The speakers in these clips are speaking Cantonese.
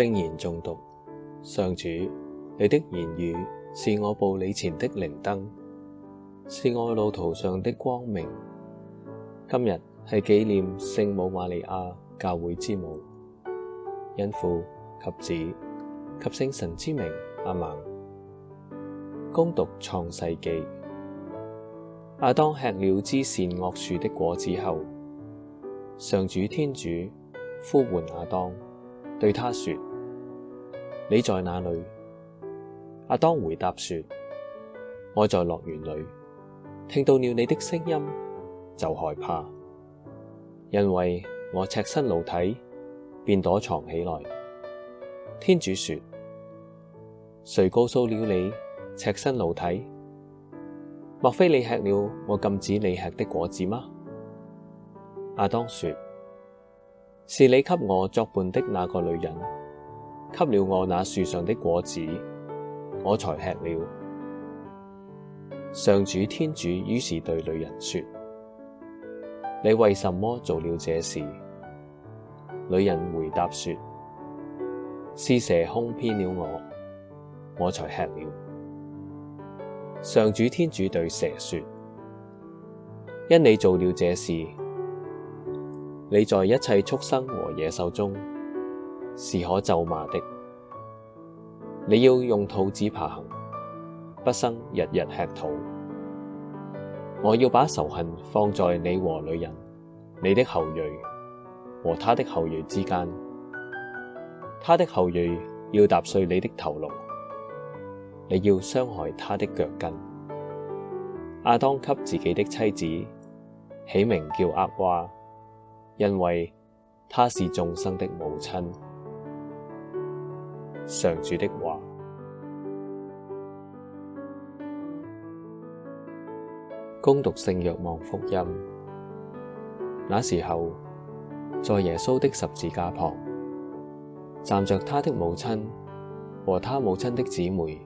聖言誦讀。上主，你的言語是我步履前的靈燈，是我路途上的光明。今日係紀念聖母瑪利亞教會之母，因父及子及聖神之名，阿門。恭讀創世紀，亞當吃了知善惡樹的果子後，上主天主呼喚亞當，對他說。你在哪裡？亞當回答說：我在樂園裡，聽到了你的聲音，就害怕，因為我赤身露體，便躲藏起來。天主說：誰告訴了你赤身露體？莫非你吃了我禁止你吃的果子嗎？亞當說：是你給我作伴的那個女人。給了我那樹上的果子，我才吃了。上主天主於是對女人說：你為什麼做了這事？女人回答說：是蛇哄騙了我，我才吃了。上主天主對蛇說：因你做了這事，你在一切畜生和野獸中。是可咒罵的。你要用肚子爬行，畢生日日吃土。我要把仇恨放在你和女人，你的後裔和她的後裔之間。她的後裔要踏碎你的頭顱，你要傷害他的腳跟。亞當給自己的妻子起名叫厄娃，因為她是眾生的母親。上主的話。恭讀聖若望福音。那時候，在耶穌的十字架旁，站着他的母親和他母親的姊妹，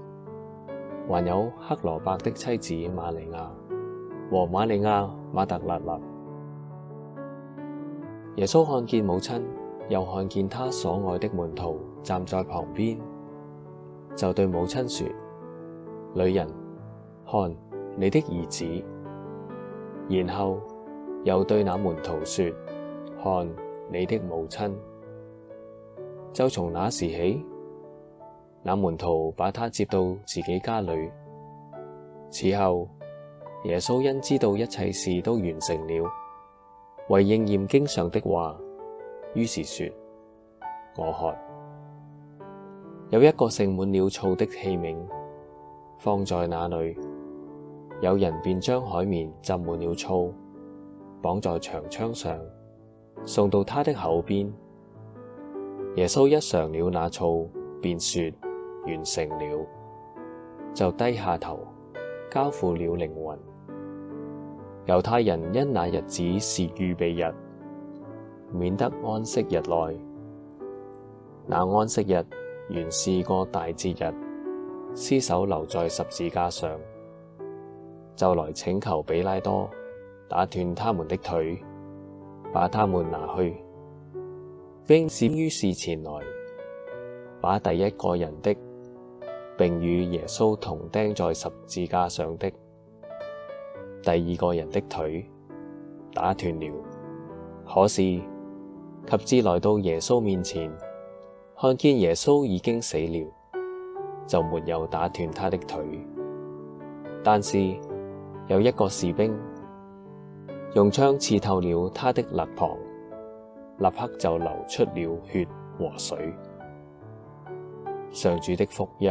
還有克羅帕的妻子瑪利亞和瑪利亞瑪達肋納。耶穌看見母親。又看見他所愛的門徒站在旁邊，就對母親說：女人，看你的兒子。然後又對那門徒說：看你的母親。就從那時起，那門徒把他接到自己家裏。此後，耶穌因知道一切事都完成了，為應驗經上的話。於是說：我渴。有一個盛滿了醋的器皿，放在那裏，有人便將海綿浸滿了醋，綁在長槍上，送到他的口邊。耶穌一嘗了那醋，便說：完成了。就低下頭，交付了靈魂。猶太人因那日子是預備日。免得安息日內，那安息日原是個大節日，屍首留在十字架上，就來請求比拉多打斷他們的腿，把他們拿去。兵士於是前來，把第一個人的，並與耶穌同釘在十字架上的第二個人的腿打斷了。可是。及至來到耶穌面前，看見耶穌已經死了，就沒有打斷他的腿。但是有一個士兵用槍刺透了他的肋膀，立刻就流出了血和水。—上主的福音。